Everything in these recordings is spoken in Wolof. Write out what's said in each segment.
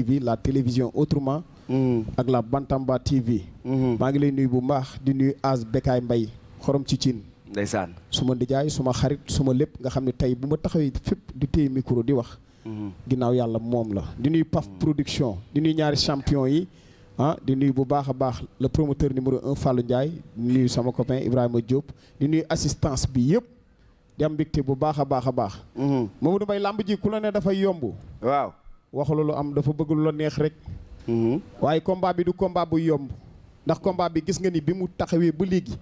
TV la télévision autrement mm. ak la Bantamba TV mm-hmm. maa ngi lay nuyu bu mbaax di nuy As Bekaay Mbay xorom ci cin ndeysaan su ma ndijaay su ma xarit su ma lépp nga xam ne tey bu ma taxawee fépp di téye micro di wax mm-hmm. ginnaaw yàlla moom la di nuy Paf mm-hmm. Production di nuyu ñaari champion yi ah di nuyu bu baax a baax le promoteur numéro un Fallou Ndiaye di nuyu sama copain Ibrahima Diop di nuy assistance bi yëpp di am mbégte bu baax a baax a baax Mamadou Mbaye ji ku la ne dafay waxula lu am dafa bëgg la neex rek. Mm-hmm. waaye combat bi du combat bu yomb. ndax combat bi gis nga ni bi mu taxawee bu léegi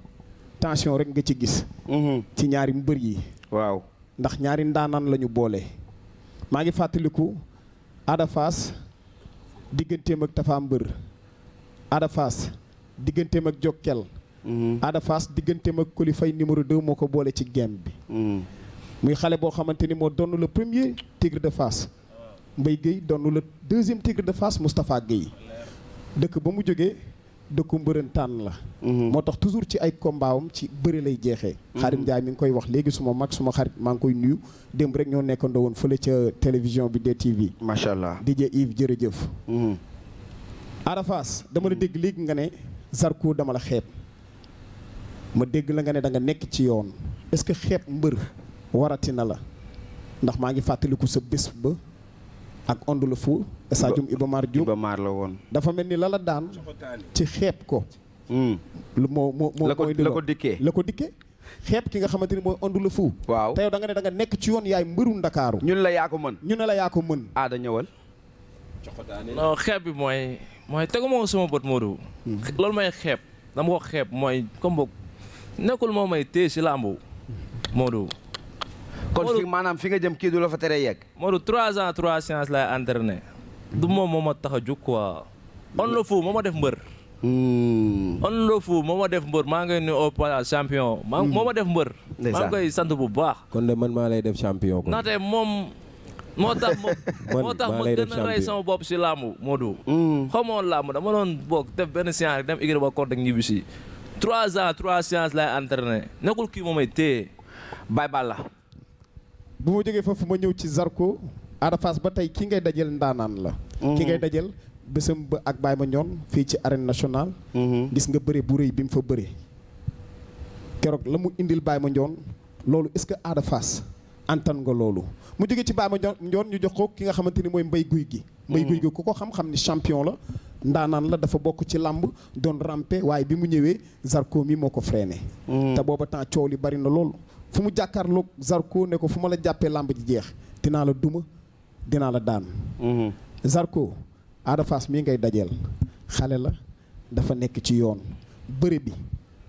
tension rek nga ci gis. Mm-hmm. ci ñaari mbër yi. waaw ndax ñaari ndaanaan la ñu boole. maa ngi fàttaliku Ada Fass digganteem ak Tafa Mbër. Ada Fass digganteem ak Jokkel. Mm-hmm. Ada Fass digganteem ak Kolifay numéro 2 moo ko boole ci game bi. muy xale boo xamante ni moo doon le premier tigre de Fass. mbay Guèye donn la deuxième tigre de Fass Moustapha Guèye dëkk ba mu jógee dëkku mbërëntaan la mhm. moo tax toujours ci ay kombaawam ci bëri lay jeexee mhm. Xaarim Njaay mi ngi koy wax léegi suma mag suma xarit maa ngi koy nuyu démb rek ñoo nekkandoo woon fële ca télévision bi DTV macha allah DJ Yves jërëjëf mhm. Ada Fass dama la dégg léegi nga ne Zarko dama la xeeb ma dégg la nga ne da nga nekk ci yoon est-ce que xeeb mbër warati na la ndax maa ngi fàttaliku sa bés ba ak Onde le Fou. stadium Iba Mar Diop la woon. dafa mel ni lala daan ci xeeb ko. Hmm. lu moo moo moo. la ko la ko dikkee la ki nga xamante ni mooy Onde le Fou. waaw da nga ne nekk ci yoon yaay mbëru Ndakaaru. ñun la yaa ñun la yaa ko ñëwal. non xeeb bi mooy mooy tegu ma ko sama bët Modou. Hmm. loolu mooy xeeb dama ko xeeb mooy comme boog nekkul moo may téye si làmbu Modou. kon fi maanaam fi nga jëm kii du la fa yeg yegg. Modou trois ans trois séances laay entraîné. du moom moo tax a jóg quoi. on le fou moo ma def mbër. Hmm. on le fou moo def mbër maa ngay nuyu au passage champion. Hmm. moo ma def mbër. maa ngi koy sant bu baax. kon de man maa lay def champion. kon moom. moo tax moo tax ma gën a rey sama bopp si laamu Modou. Hmm. xamoon laamu dama doon bokk def benn séance dem igri ba koor ak ñibbi si. trois ans trois séances nekkul kii moomay téye. bay bal bu ma jógee foofu ma ñëw ci Zarko Ada ba tey ki ngay dajel ndaanaan la mhm. ki ngay dajel bésam ba ak baay Baye Mandione fii ci arène national mhm. gis nga bëre bu rëy bi mu fa bëre keroog la mu indil baay ma Mandione loolu est-ce que Ada Fass antan nga loolu mu jógee ci ma Baye njoon ñu jox ko ki nga xamante ni mooy mbay guy gi mbay mhm. guy gi ku ko xam-xam ni champion la ndaanaan la dafa bokk ci làmb doon rampe waaye bi mu ñëwee Zarko mii moo ko freiné. Mm. te booba temps coow li bari na lool. fu mu jàkkaarloog sarko ne ko fu ma la jàppee làmb ji jeex dinaa la duma dinaa la daan. Mm-hmm. Zarko Ada mii ngay dajeel xale la dafa nekk ci yoon bëri bi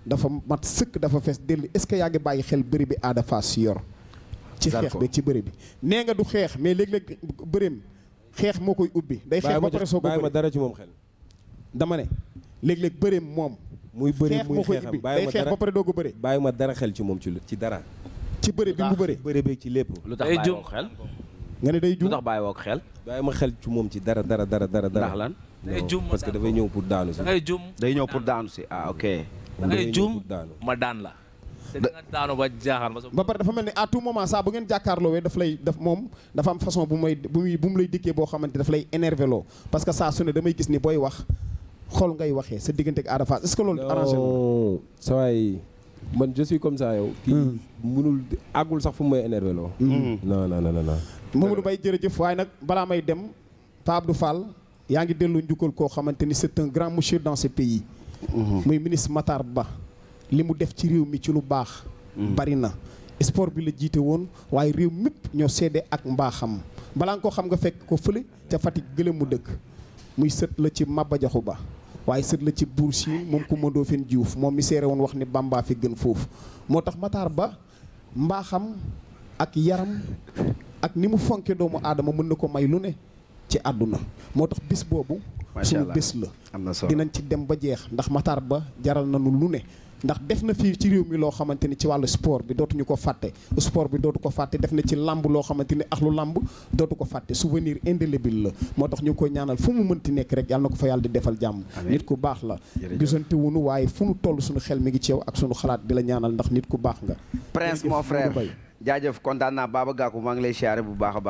dafa mat sëkk dafa fees dellu est-ce que yaa ngi bàyyi xel bëri bi Ada Fass yor. ci xeex bi ci bëri bi nee nga du xeex mais léeg-léeg bëreem xeex moo koy ubbi. day xeex ba pare soo ko bëri dara ci moom xel. dama ne léeg-léeg bëreem moom. muy bëri muy xeexam bàyyi ma dara xeex ba pare doo ko bëri. bàyyi ma dara xel ci moom ci ci dara. ci bëri bi mu bëri bëri bi ci lépp. lu tax bàyyi woo xel. nga ne day jum lu tax woo xel. bàyyi ma xel ci moom ci dara dara dara dara. ndax lan day jum parce que dafay ñëw pour daanu si. da day ñëw pour daanu si ah ok. da ma daan la. te da nga daanu ba jaaxal ma. ba pare dafa mel ni à tout moment saa bu ngeen jàkkaarloowee daf lay daf moom dafa am façon bu may bu muy bu mu lay dikkee boo xamante daf lay énervé loo parce que saa su ne damay gis ni booy wax xool ngay waxee sa diggante ak Ada Fass est-ce loolu arrangé non sa waay yow. kii hmm. munul àggul sax fu mu may énervé loo. Hmm. Hmm. jërëjëf waaye nag balaa may dem Pa Abdou Fall yaa ngi dellu njukkal koo xamante ni c'est un grand monsieur dans ce muy ministre Matar Ba li mu def ci réew mi ci lu baax. bari na sport bi la jiite woon waaye réew mépp ñoo seede ak mbaaxam balaa nga ko xam nga fekk ko fële ca Fatick gëlëm mu dëkk muy sët la ci Maba Jaxu Ba. waaye sët la ci buur siin moom doo Ndoofeen Juuf moom mi seere woon wax ni Bàmbaa fi gën foofu moo tax Matar Ba mbaaxam ak yaram ak ni mu fonke doomu aadama mën na ko may lu ne ci àdduna moo tax bis boobu suñu bés la dinañ ci dem ba jeex ndax Matar Ba jaral nañu lu ne ndax def na fii ci réew mi loo xamante ni ci wàllu sport bi dootuñu ko fàtte sport bi dootu ko fàtte def na ci làmb loo xamante ni axlu làmb dootu ko fàtte souvenir indélébile la moo tax ñu ngi koy ñaanal fu mu mënti nekk rek yàlla na ko fa yàlla di defal jàmm nit ku baax la gisante wunu waaye fu nu toll suñu xel mi ngi ci yow ak suñu xalaat di la ñaanal ndax nit ku baax nga prince mon frère jaajëf kontaan naa Baba ko maa ngi lay siyaare bu baax a baax